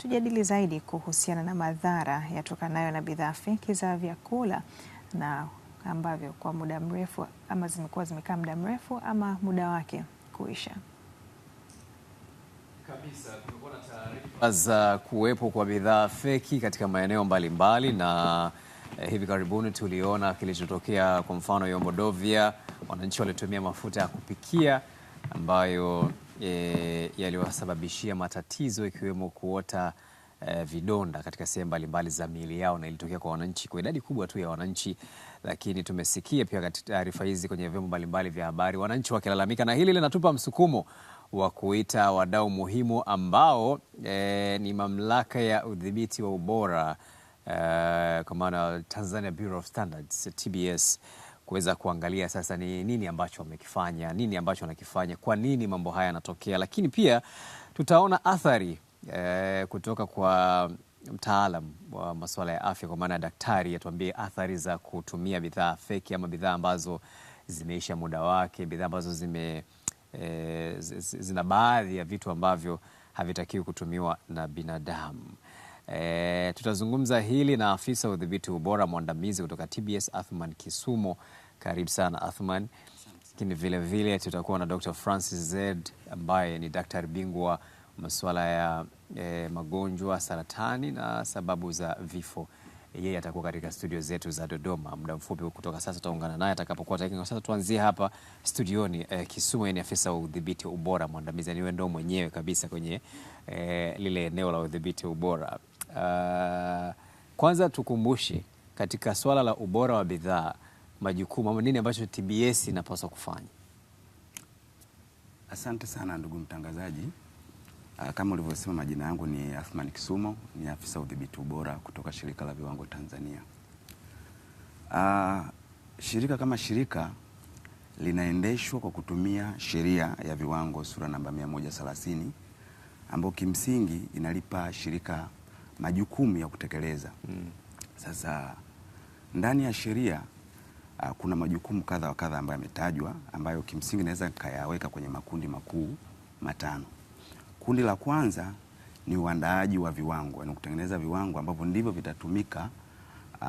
tujadili zaidi kuhusiana na madhara yatokanayo na bidhaa feki za vyakula na ambavyo kwa muda mrefu ama zimekuwa zimekaa muda mrefu ama muda wake kuisha kabisa. Kumekuwa na taarifa za kuwepo kwa bidhaa feki katika maeneo mbalimbali na eh, hivi karibuni tuliona kilichotokea kwa mfano Yombodovia, wananchi walitumia mafuta ya kupikia ambayo e, yaliyowasababishia matatizo ikiwemo kuota e, vidonda katika sehemu mbalimbali za miili yao, na ilitokea kwa wananchi, kwa idadi kubwa tu ya wananchi. Lakini tumesikia pia katika taarifa hizi kwenye vyombo mbalimbali vya habari wananchi wakilalamika, na hili linatupa msukumo wa kuita wadau muhimu ambao e, ni mamlaka ya udhibiti wa ubora e, kwa maana Tanzania Bureau of Standards, TBS kuweza kuangalia sasa ni nini ambacho wamekifanya, nini ambacho wanakifanya, kwa nini mambo haya yanatokea, lakini pia tutaona athari eh, kutoka kwa mtaalam wa masuala ya afya, kwa maana ya daktari atuambie athari za kutumia bidhaa feki ama bidhaa ambazo zimeisha muda wake, bidhaa ambazo zime eh, zina baadhi ya vitu ambavyo havitakiwi kutumiwa na binadamu. E, tutazungumza hili na afisa udhibiti ubora mwandamizi kutoka TBS Athman Kisumo. Karibu sana Athman, lakini vile vile tutakuwa na Dr. Francis Z ambaye ni daktari bingwa masuala ya e, magonjwa saratani na sababu za vifo. Yeye atakuwa katika studio zetu za Dodoma muda mfupi kutoka sasa, tutaungana naye atakapokuwa tayari. Kwa sasa tuanzie hapa studioni e, Kisumu. ni afisa wa udhibiti ubora mwandamizi, niwe ndo mwenyewe kabisa kwenye e, lile eneo la udhibiti ubora. Uh, kwanza tukumbushe katika swala la ubora wa bidhaa majukumu ama nini ambacho TBS inapaswa kufanya? Asante sana ndugu mtangazaji. Ah, kama ulivyosema, majina yangu ni Athman Kisumo, ni afisa udhibiti ubora kutoka Shirika la Viwango Tanzania. Uh, shirika kama shirika linaendeshwa kwa kutumia sheria ya viwango sura namba 130 ambayo kimsingi inalipa shirika majukumu ya kutekeleza. Mm. Sasa ndani ya sheria Ah, kuna majukumu kadha wa kadha ambayo yametajwa ambayo kimsingi naweza nikayaweka kwenye makundi makuu matano. Kundi la kwanza ni uandaaji wa viwango, yaani kutengeneza viwango ambavyo ndivyo vitatumika uh,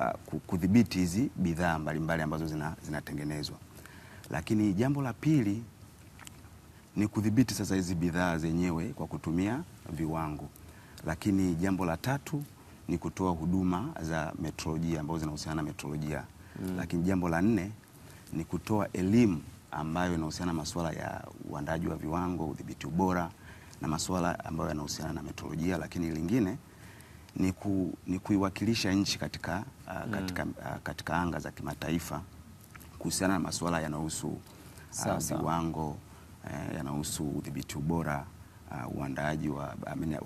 uh, kudhibiti hizi bidhaa mbalimbali ambazo zina, zinatengenezwa lakini jambo la pili ni kudhibiti sasa hizi bidhaa zenyewe kwa kutumia viwango. Lakini jambo la tatu ni kutoa huduma za metrolojia ambazo zinahusiana na metrolojia mm. Lakini jambo la nne ni kutoa elimu ambayo inahusiana na masuala ya uandaji wa viwango, udhibiti ubora na masuala ambayo yanahusiana na metrolojia, lakini lingine ni, ku, ni kuiwakilisha nchi katika, uh, mm. katika, uh, katika anga za kimataifa kuhusiana na masuala yanayohusu uh, viwango uh, eh, yanahusu udhibiti ubora uh, uandaji wa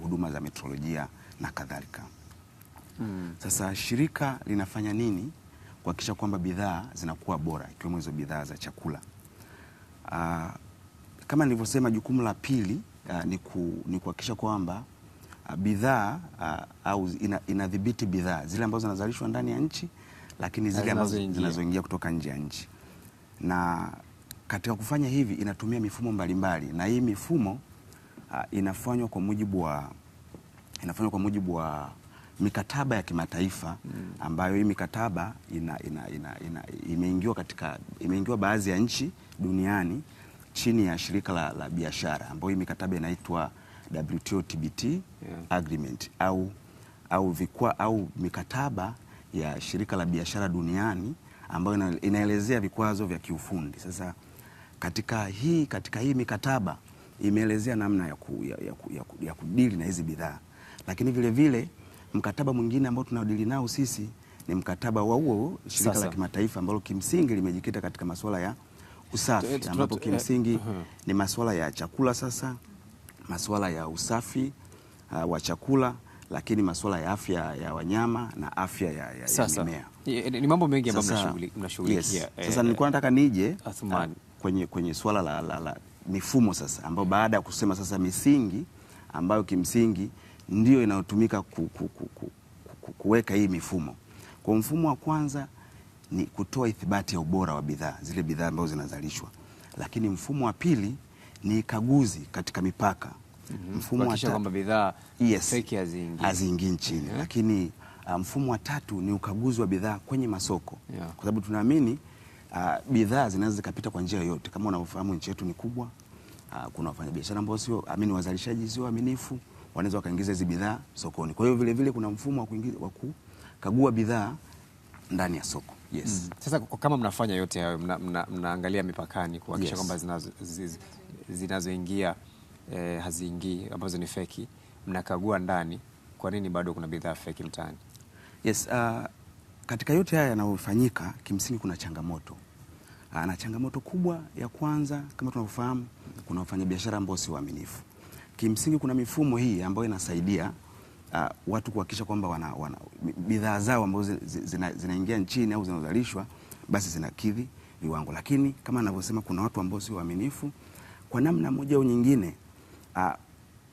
huduma za metrolojia na kadhalika. Mm. Sasa shirika linafanya nini kuhakikisha kwamba bidhaa zinakuwa bora ikiwemo hizo bidhaa za chakula. Uh, kama nilivyosema, jukumu la pili uh, ni kuhakikisha kwamba uh, bidhaa uh, au inadhibiti bidhaa zile ambazo zinazalishwa ndani ya nchi, lakini zile ambazo zinazoingia kutoka nje ya nchi, na katika kufanya hivi inatumia mifumo mbalimbali mbali. Na hii mifumo uh, inafanywa kwa mujibu wa inafanywa kwa mujibu wa mikataba ya kimataifa ambayo hii mikataba ina, ina, ina, ina, imeingiwa katika imeingiwa baadhi ya nchi duniani chini ya shirika la, la biashara ambayo hii mikataba inaitwa WTO TBT yeah. agreement au, au, vikwa, au mikataba ya shirika la biashara duniani ambayo inaelezea vikwazo vya kiufundi. Sasa katika hii, katika hii mikataba imeelezea namna ya, ku, ya, ya, ya, ya kudili na hizi bidhaa, lakini vilevile vile, Mkataba mwingine ambao tunadili nao sisi ni mkataba wa huo shirika la kimataifa ambalo kimsingi limejikita katika masuala ya usafi eh, ambapo eh, kimsingi uh ni masuala ya chakula sasa, masuala ya usafi uh, wa chakula lakini masuala ya afya ya wanyama na afya ya, ya, ya mimea. Ni mambo mengi ambayo mnashughulikia. Sasa nilikuwa nataka nije uh, kwenye, kwenye swala la, la, la mifumo sasa ambayo baada ya kusema sasa misingi ambayo kimsingi ndio inayotumika ku, ku, ku, ku, ku, ku, kuweka hii mifumo. Kwa mfumo wa kwanza ni kutoa ithibati ya ubora wa bidhaa zile bidhaa ambazo zinazalishwa, lakini mfumo wa pili ni kaguzi katika mipaka. mm -hmm. Mfumo wa tatu kwamba bidhaa yes, feki haziingii nchini. mm -hmm. Lakini uh, mfumo wa tatu ni ukaguzi wa bidhaa kwenye masoko yeah. Kwa sababu tunaamini uh, bidhaa zinaweza zikapita kwa njia yoyote. Kama unavyofahamu nchi yetu ni kubwa. Uh, kuna wafanyabiashara ambao sio amini, wazalishaji sio waaminifu mm wanaweza wakaingiza hizi bidhaa sokoni. Kwa hiyo vile vile kuna mfumo wa kukagua bidhaa ndani ya soko. Yes. Mm. Sasa kama mnafanya yote hayo mna, mna, mnaangalia mipakani kuhakikisha yes, kwamba zinazoingia eh, haziingii ambazo ni feki, mnakagua ndani, kwa nini bado kuna bidhaa feki mtaani? Yes, uh, katika yote haya yanayofanyika kimsingi kuna changamoto uh, na changamoto kubwa ya kwanza kama tunavyofahamu, kuna wafanyabiashara ambao si waaminifu kimsingi kuna mifumo hii ambayo inasaidia uh, watu kuhakikisha kwamba wana, wana, bidhaa zao ambazo zinaingia zina, zina nchini au zinazalishwa basi zinakidhi viwango, lakini kama anavyosema kuna watu ambao sio waaminifu kwa namna moja au nyingine uh,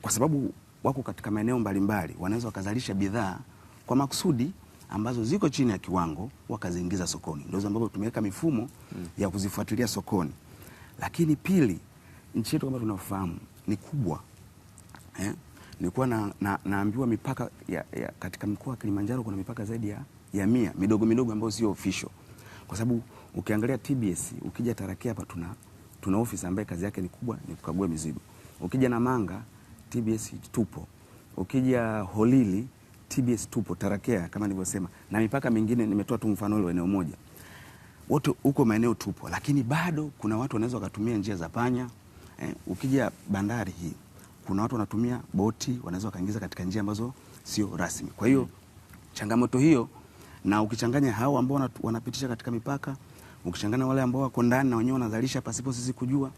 kwa sababu wako katika maeneo mbalimbali, wanaweza wakazalisha bidhaa kwa makusudi ambazo ziko chini ya kiwango wakaziingiza sokoni. Ndio ambapo tumeweka mifumo mm. ya kuzifuatilia sokoni. Lakini pili, nchi yetu kama tunafahamu ni kubwa eh? Nilikuwa na, na, naambiwa mipaka ya, ya, katika mkoa wa Kilimanjaro kuna mipaka zaidi ya, ya mia midogo midogo ambayo sio official, kwa sababu ukiangalia TBS ukija Tarakea hapa tuna, tuna ofisi ambaye kazi yake ni kubwa ni kukagua mizigo. Ukija Namanga TBS tupo, ukija Holili TBS tupo, Tarakea kama nilivyosema, na mipaka mingine nimetoa tu mfano ile eneo moja, wote huko maeneo tupo, lakini bado kuna watu wanaweza wakatumia njia za panya eh, ukija bandari hii kuna watu wanatumia boti, wanaweza wakaingiza katika njia ambazo sio rasmi. Kwa hiyo changamoto hiyo, na ukichanganya hao ambao wanapitisha katika mipaka, ukichanganya wale ambao wako ndani na wenyewe wanazalisha pasipo sisi kujua,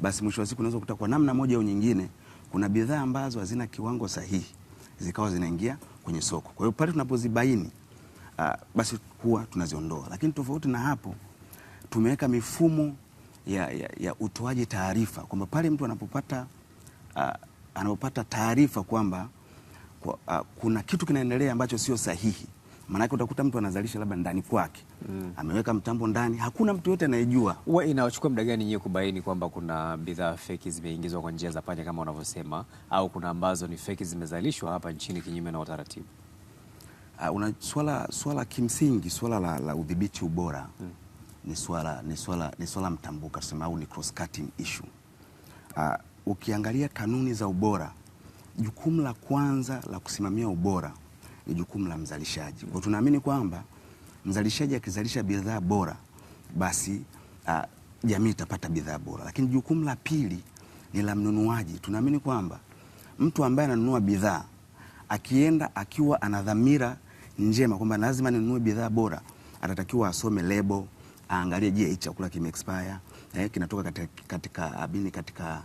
basi mwisho wa siku unaweza kukuta kwa namna moja au nyingine kuna bidhaa ambazo hazina kiwango sahihi zikawa zinaingia kwenye soko. Kwa hiyo pale tunapozibaini uh, basi huwa tunaziondoa. Lakini tofauti na hapo, tumeweka mifumo ya, ya, ya utoaji taarifa kwamba pale mtu anapopata uh, anapopata taarifa kwamba kwa, uh, kuna kitu kinaendelea ambacho sio sahihi. Maanake utakuta mtu anazalisha labda ndani kwake mm. ameweka mtambo ndani, hakuna mtu yote anayejua. Huwa inachukua muda gani nyie kubaini kwamba kuna bidhaa feki zimeingizwa kwa njia za panya kama unavyosema, au kuna ambazo ni feki zimezalishwa hapa nchini kinyume na utaratibu? Uh, una swala, swala kimsingi swala la, la udhibiti ubora mm. ni swala ni swala ni swala mtambuka sema au ni cross cutting issue uh, ukiangalia kanuni za ubora, jukumu la kwanza la kusimamia ubora ni jukumu la mzalishaji. Kwa tunaamini kwamba mzalishaji akizalisha bidhaa bora, basi jamii itapata bidhaa bora. Lakini jukumu la pili ni la mnunuaji. Tunaamini kwamba mtu ambaye ananunua bidhaa akienda akiwa ana dhamira njema kwamba lazima ninunue bidhaa bora, atatakiwa asome lebo, aangalie, je, hichi chakula kimeexpire eh, kinatoka katika, katika, abini katika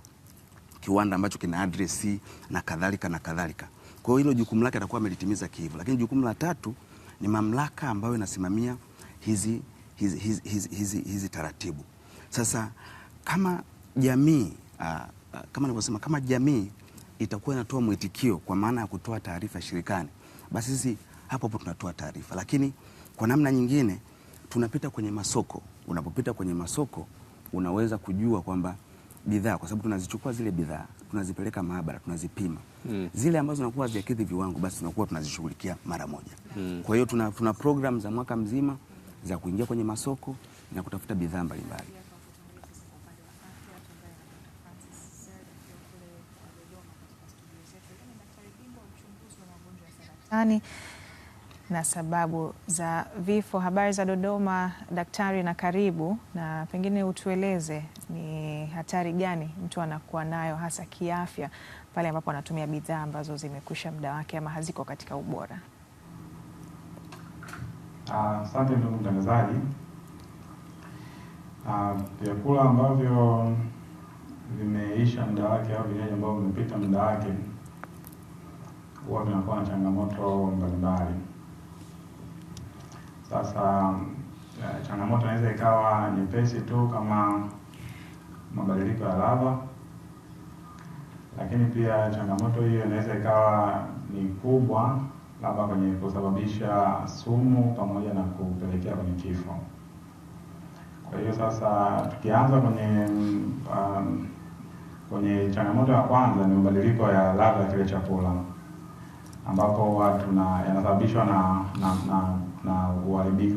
kiwanda ambacho kina address na kadhalika na kadhalika. Kwa hiyo hilo jukumu lake atakuwa amelitimiza kihivyo, lakini jukumu la tatu ni mamlaka ambayo inasimamia hizi, hizi, hizi, hizi, hizi, hizi taratibu. Sasa kama jamii uh, kama nilivyosema, kama jamii itakuwa inatoa mwitikio kwa maana ya kutoa taarifa shirikani, basi sisi hapo hapo tunatoa taarifa, lakini kwa namna nyingine tunapita kwenye masoko. Unapopita kwenye masoko unaweza kujua kwamba bidhaa kwa sababu tunazichukua zile bidhaa tunazipeleka maabara tunazipima mm. zile ambazo zinakuwa hazijakidhi viwango basi tunakuwa tunazishughulikia mara moja mm. kwa hiyo tuna, tuna program za mwaka mzima za kuingia kwenye masoko na kutafuta bidhaa mbalimbali ani na sababu za vifo. Habari za Dodoma, daktari, na karibu, na pengine utueleze ni hatari gani mtu anakuwa nayo hasa kiafya pale ambapo anatumia bidhaa ambazo zimekwisha muda wake ama haziko katika ubora? Asante uh, ndugu mtangazaji. Ah, vyakula uh, ambavyo vimeisha muda wake au vinywaji ambavyo vimepita muda wake huwa vinakuwa na changamoto mbalimbali. Sasa uh, changamoto inaweza ikawa nyepesi tu kama mabadiliko ya lava, lakini pia changamoto hiyo inaweza ikawa ni kubwa labda kwenye kusababisha sumu pamoja na kupelekea kwenye kifo. Kwa hiyo sasa tukianza kwenye um, kwenye changamoto ya kwanza ni mabadiliko ya ladha ya kile chakula ambapo na yanasababishwa na na na, na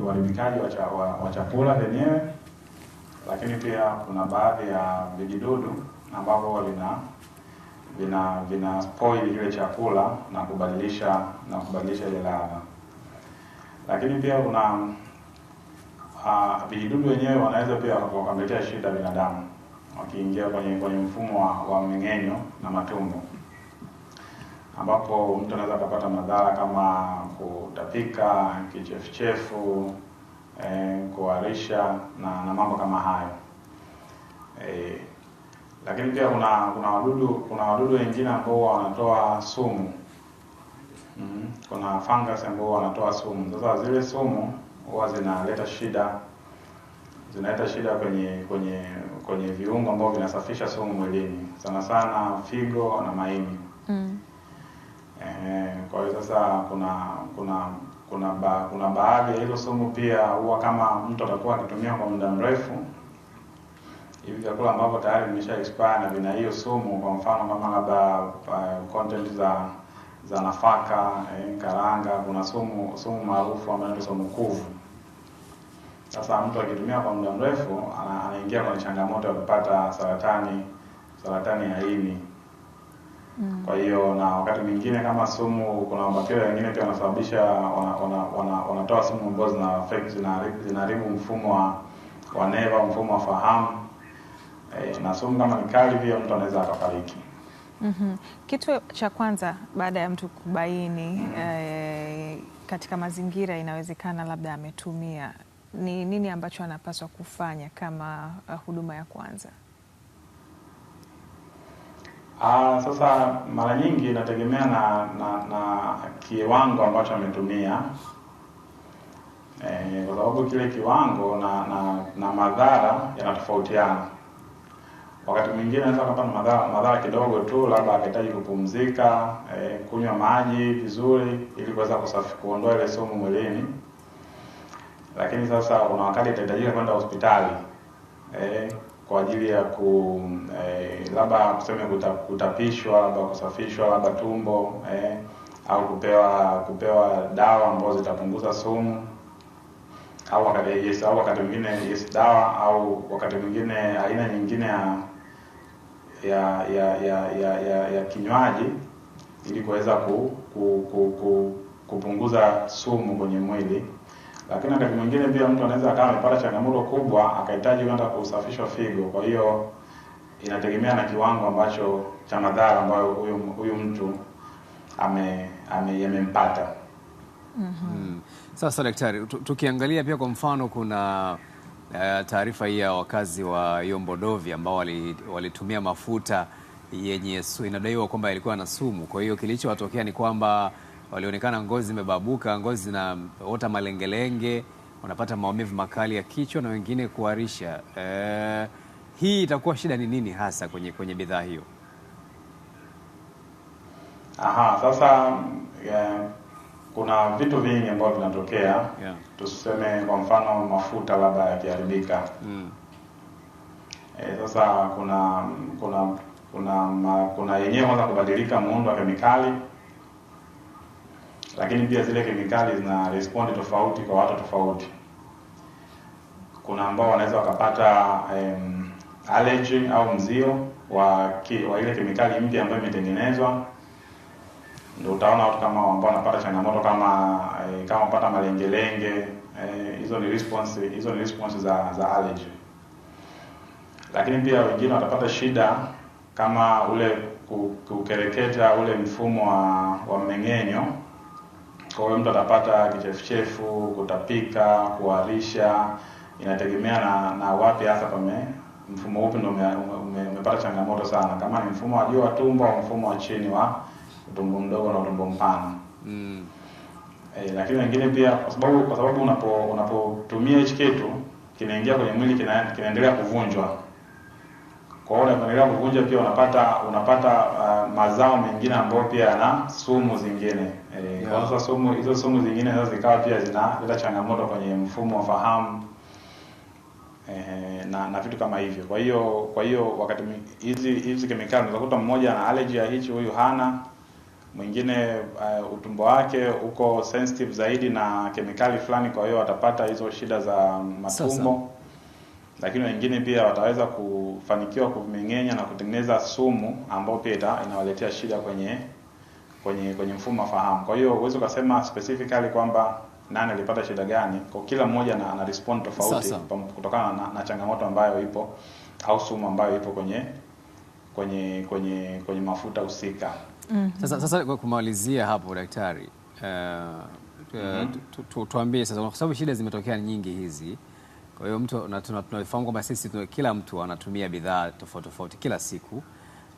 uharibikaji wa, wa chakula chenyewe lakini pia kuna baadhi ya vijidudu ambavyo vina vina vina spoil ile chakula na kubadilisha na kubadilisha ile ladha. Lakini pia kuna uh, ah, vijidudu wenyewe wanaweza pia wakamletea shida binadamu wakiingia kwenye kwenye mfumo wa, wa mmeng'enyo na matumbo, ambapo mtu anaweza akapata madhara kama kutapika, kichefuchefu eh, kuharisha na, na mambo kama hayo eh, lakini pia kuna kuna wadudu kuna wadudu wengine ambao wanatoa sumu mm, kuna fungus ambao wanatoa sumu. Sasa zile sumu huwa zinaleta shida zinaleta shida kwenye kwenye kwenye viungo ambao vinasafisha sumu mwilini, sana sana figo na maini mm. Eh, kwa hiyo sasa kuna kuna kuna ba, kuna baadhi ya hilo sumu pia huwa kama mtu atakuwa akitumia kwa muda mrefu hivi vyakula ambavyo tayari vimesha expire na vina hiyo sumu, kwa mfano kama labda uh, content za za nafaka eh, karanga, kuna sumu sumu maarufu ambayo ni sumu kuvu. Sasa mtu akitumia kwa muda mrefu anaingia kwenye changamoto ya kupata saratani saratani ya ini. Mm. Kwa hiyo na wakati mwingine kama sumu, kuna bakteria wengine pia wanasababisha wanatoa wana, wana, wana sumu ambazo zina affect zinaharibu mfumo wa wa neva, mfumo wa fahamu e, na sumu kama ni kali pia mtu anaweza akafariki. mm -hmm. Kitu cha kwanza baada ya mtu kubaini mm -hmm. e, katika mazingira inawezekana labda ametumia, ni nini ambacho anapaswa kufanya kama eh, huduma ya kwanza? Aa, ah, sasa mara nyingi inategemea na na, na kiwango ambacho ametumia e, kwa sababu kile kiwango na na, na madhara yanatofautiana. Wakati mwingine anaweza kupata madhara, madhara kidogo tu, labda akahitaji kupumzika e, kunywa maji vizuri ili kuweza kusafi kuondoa ile sumu mwilini, lakini sasa kuna wakati itahitajika kwenda hospitali e, kwa ajili ya ku eh, labda tuseme kutapishwa labda kusafishwa labda tumbo eh, au kupewa kupewa dawa ambazo zitapunguza sumu au wakati yes, au wakati mwingine yes, dawa au wakati mwingine aina nyingine ya ya ya ya ya, ya, ya kinywaji ili kuweza ku, ku, ku, ku, kupunguza sumu kwenye mwili. Lakini wakati mwingine pia mtu anaweza akawa amepata changamoto kubwa akahitaji kwenda kusafishwa figo. Kwa hiyo inategemea na kiwango ambacho cha madhara ambayo huyu huyu mtu ame, ame yamempata. Mm -hmm. Sasa daktari, tukiangalia pia kwa mfano kuna uh, taarifa hii ya wakazi wa yombodovi ambao walitumia wali mafuta yenye inadaiwa kwamba yalikuwa na sumu. Kwa hiyo kilichowatokea ni kwamba walionekana ngozi zimebabuka, ngozi zinaota malengelenge, wanapata maumivu makali ya kichwa na wengine kuharisha. Uh, hii itakuwa shida ni nini hasa kwenye, kwenye bidhaa hiyo? Aha, sasa yeah, kuna vitu vingi ambavyo vinatokea yeah. Tuseme kwa mfano mafuta labda yakiharibika mm. E, sasa kuna kuna kuna kuna yenyewe kwanza kubadilika muundo wa kemikali lakini pia zile kemikali zina respond tofauti kwa watu tofauti. Kuna ambao wanaweza wakapata um, allergy au mzio wa, ki, wa ile kemikali mpya ambayo imetengenezwa. Ndio utaona watu kama ambao wanapata changamoto kama eh, kama kupata malengelenge eh, hizo, eh, ni response hizo ni response za za allergy. Lakini pia wengine watapata shida kama ule kukereketa ule mfumo wa, wa mmeng'enyo kwa hiyo mtu atapata kichefuchefu, kutapika, kuharisha, inategemea na, na wapi hasa pame mfumo upi ndio umepata changamoto sana, kama ni mfumo wa juu wa tumbo au mfumo wa chini wa utumbo mdogo na utumbo mpana mm. E, lakini wengine pia kwa sababu kwa sababu unapo unapotumia hichi kitu kinaingia kwenye mwili, kinaendelea kuvunjwa kwa hiyo unapoendelea kuvunja pia unapata unapata uh, mazao mengine ambayo pia yana sumu zingine. E, yeah. Kwa sumu hizo sumu zingine hizo zikawa pia zinaleta changamoto kwenye mfumo wa fahamu e, na na vitu kama hivyo. Kwa hiyo kwa hiyo wakati hizi hizi kemikali unakuta mmoja ana allergy ya hichi, huyu hana mwingine uh, utumbo wake uko sensitive zaidi na kemikali fulani, kwa hiyo atapata hizo shida za matumbo. Sasa lakini wengine pia wataweza kufanikiwa kumeng'enya na kutengeneza sumu ambayo pia inawaletea shida kwenye kwenye kwenye mfumo wa fahamu. Kwa hiyo huwezi ukasema specifically kwamba nani alipata shida gani, kwa kila mmoja na, na respond tofauti kutokana na, na changamoto ambayo ipo au sumu ambayo ipo kwenye kwenye kwenye kwenye mafuta husika. Mm -hmm. Sasa, sasa kwa kumalizia hapo daktari, uh, uh, mm -hmm. tuambie sasa, kwa sababu shida zimetokea nyingi hizi kwa hiyo mtu tunaifahamu kwamba sisi kila mtu anatumia bidhaa tofauti tofauti kila siku,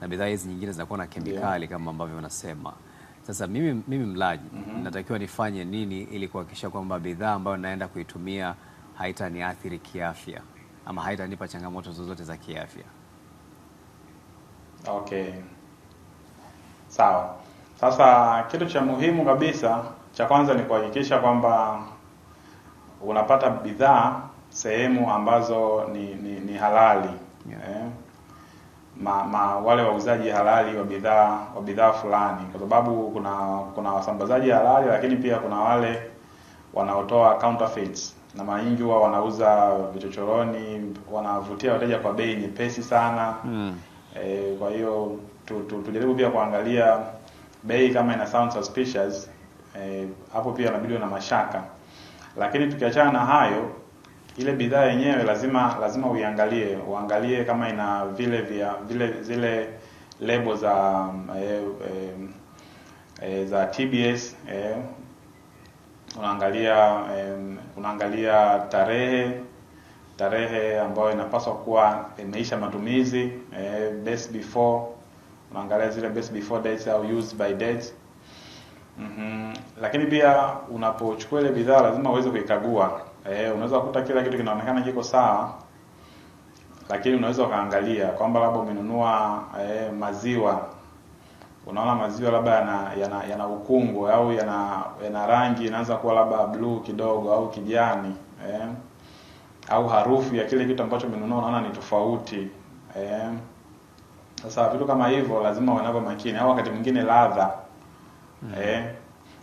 na bidhaa hizi nyingine zinakuwa na kemikali yeah, kama ambavyo wanasema. Sasa mimi, mimi mlaji mm -hmm. natakiwa nifanye nini ili kuhakikisha kwamba bidhaa ambayo naenda kuitumia haitaniathiri kiafya ama haitanipa changamoto zozote za kiafya? Okay, sawa. Sasa kitu cha muhimu kabisa cha kwanza ni kuhakikisha kwamba unapata bidhaa sehemu ambazo ni, ni, ni halali yeah. eh? Ma, ma wale wauzaji halali wa bidhaa wa bidhaa fulani, kwa sababu kuna kuna wasambazaji halali, lakini pia kuna wale wanaotoa counterfeits, na mara nyingi huwa wanauza vichochoroni, wanavutia wateja kwa bei nyepesi sana mm. eh, kwa hiyo tu, tu, tujaribu pia kuangalia bei kama ina sound suspicious eh, hapo, eh, pia inabidi na mashaka, lakini tukiachana na hayo ile bidhaa yenyewe lazima lazima uiangalie, uangalie kama ina vile vya vile zile lebo za e, e, e, za TBS e, eh. unaangalia e, unaangalia tarehe tarehe ambayo inapaswa kuwa imeisha matumizi e, best before unaangalia zile best before dates au used by dates. Mm -hmm. Lakini pia unapochukua ile bidhaa lazima uweze kuikagua eh, unaweza kukuta kila kitu kinaonekana kiko sawa, lakini unaweza ukaangalia kwamba labda umenunua eh, maziwa unaona maziwa labda yana yana, yana ukungu au yana yana rangi inaanza kuwa labda bluu kidogo au kijani eh, au harufu ya kile kitu ambacho umenunua unaona ni tofauti eh. Sasa vitu kama hivyo lazima wanawe makini, au wakati mwingine ladha mm -hmm. eh,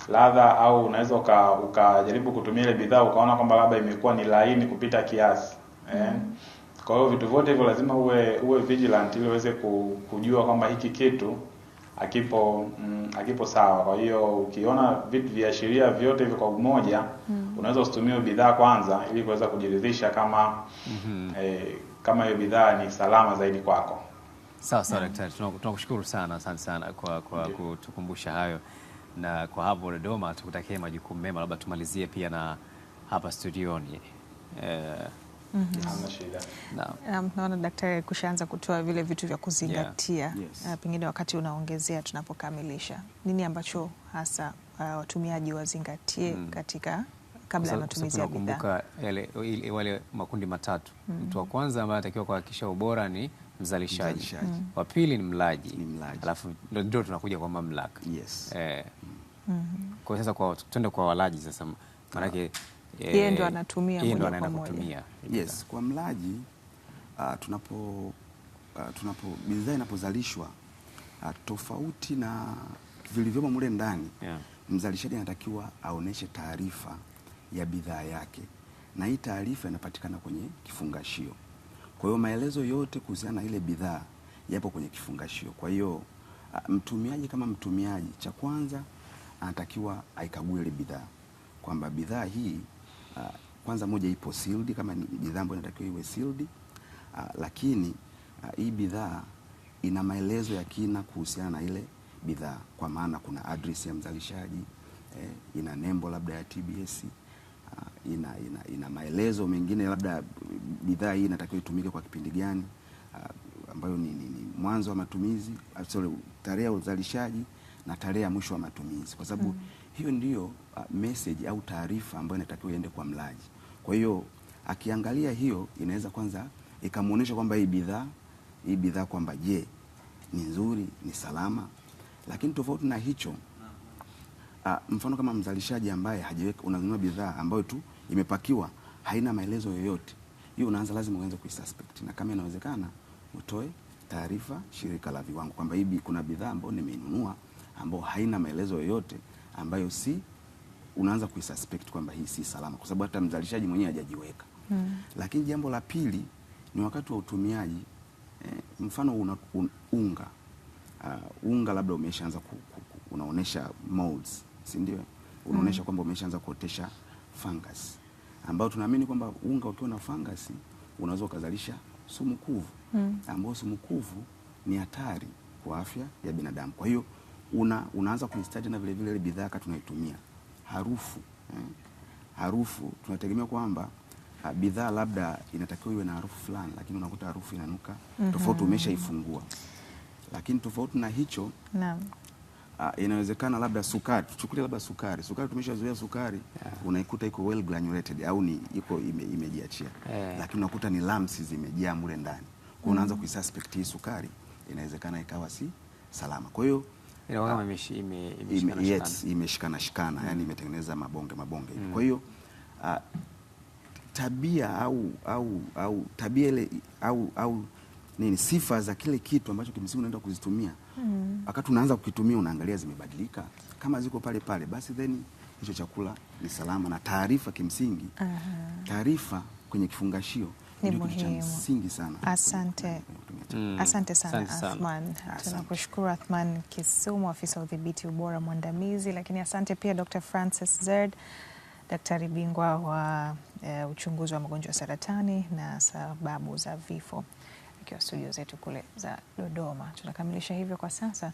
ladha au unaweza uka, ukajaribu kutumia ile bidhaa ukaona kwamba labda imekuwa ni laini kupita kiasi eh? Mm-hmm. Kwa hiyo vitu vyote hivyo lazima uwe uwe vigilant ili uweze kujua kwamba hiki kitu akipo mm, akipo sawa. Kwa hiyo ukiona vitu viashiria vyote hivyo kwa umoja mm. unaweza usitumie bidhaa kwanza ili kuweza kujiridhisha kama mm -hmm. eh, kama hiyo bidhaa ni salama zaidi kwako. Sawa sawa, daktari, tunakushukuru sana, asante sana kwa, kwa kutukumbusha hayo na kwa hapo Dodoma, tukutakie majukumu mema. Labda tumalizie pia na hapa studioni eh, Mm -hmm. Yes. na, um, naona daktari kushaanza kutoa vile vitu vya kuzingatia yeah. Yes. Uh, pengine wakati unaongezea tunapokamilisha, nini ambacho hasa uh, watumiaji wazingatie mm. katika kabla ya matumizi ya bidhaa, wale makundi matatu mm -hmm. Mtu wa kwanza ambaye anatakiwa kuhakikisha ubora ni mzalishaji, mzalishaji. Mm -hmm. Wa pili ni mlaji, alafu ndio tunakuja kwa mamlaka yes. eh, mm -hmm. Kwa sasa kwa twende kwa walaji sasa, maanake yeye eh, ndo anatumia yeye ndo anaenda kutumia. Yes, kwa mlaji uh, tunapo uh, tunapo bidhaa inapozalishwa uh, tofauti na vilivyomo mule ndani yeah. Mzalishaji anatakiwa aoneshe taarifa ya bidhaa yake na hii taarifa inapatikana kwenye kifungashio. Kwa hiyo maelezo yote kuhusiana na ile bidhaa yapo kwenye kifungashio. Kwa hiyo mtumiaji kama mtumiaji, cha kwanza anatakiwa aikague ile bidhaa kwamba bidhaa hii uh, kwanza moja ipo sealed kama ni bidhaa ambayo inatakiwa iwe sealed uh, lakini uh, hii bidhaa ina maelezo ya kina kuhusiana na ile bidhaa, kwa maana kuna address ya mzalishaji eh, ina nembo labda ya TBS uh, ina, ina, ina maelezo mengine labda bidhaa hii inatakiwa itumike kwa kipindi gani uh, ambayo ni, ni, ni mwanzo wa matumizi sorry, tarehe ya uzalishaji na tarehe ya mwisho wa matumizi, kwa sababu mm. hiyo ndiyo uh, message au taarifa ambayo inatakiwa iende kwa mlaji. Kwa hiyo akiangalia hiyo inaweza kwanza ikamuonesha kwamba hii bidhaa hii bidhaa kwamba je, ni nzuri, ni salama. Lakini tofauti na hicho uh, mfano kama mzalishaji ambaye hajaweka, unanunua bidhaa ambayo tu imepakiwa haina maelezo yoyote, hiyo unaanza lazima uanze kuisuspect, na kama inawezekana utoe taarifa shirika la viwango kwamba hii kuna bidhaa ambayo nimeinunua ambayo haina maelezo yoyote ambayo si unaanza kuisuspect kwamba hii si salama, kwa sababu hata mzalishaji mwenyewe hajajiweka mm. Lakini jambo la pili ni wakati wa utumiaji eh, mfano una, un, unga uh, unga labda umeshaanza unaonesha molds, si ndio? Unaonesha mm. kwamba umeshaanza kuotesha fungus ambao tunaamini kwamba unga ukiwa na fungus unaweza ukazalisha sumu kuvu mm. ambao sumu kuvu ni hatari kwa afya ya binadamu, kwa hiyo una, unaanza kuistudy na vile vile ile bidhaa kati tunaitumia harufu eh. Harufu tunategemea kwamba ah, bidhaa labda inatakiwa iwe na harufu fulani, lakini unakuta harufu inanuka mm -hmm. tofauti umeshaifungua, lakini tofauti na hicho naam. Uh, inawezekana labda sukari, tuchukulie labda sukari, sukari tumeshazoea sukari yeah. Unaikuta iko well granulated au ni iko ime, imejiachia yeah. Lakini unakuta ni lumps zimejaa mule ndani, kwa unaanza mm -hmm. kuisuspect hii sukari inawezekana ikawa si salama, kwa hiyo Ah, imeshikana shikana, yani mm. imetengeneza mabonge mabonge mm. Kwa hiyo ah, tabia au au au tabia ile au au nini, sifa za kile kitu ambacho kimsingi unaenda kuzitumia mm. wakati unaanza kukitumia, unaangalia zimebadilika, kama ziko pale pale, basi then hicho chakula ni salama. Na taarifa kimsingi, taarifa kwenye kifungashio ni muhimu msingi sana. Asante. Mm. Asante sana Athman, tunakushukuru Athman Kisumu, afisa wa udhibiti ubora mwandamizi, lakini asante pia Dr. Francis Zerd, daktari bingwa wa uh, uchunguzi wa magonjwa ya saratani na sababu za vifo akiwa studio zetu kule za Dodoma. Tunakamilisha hivyo kwa sasa.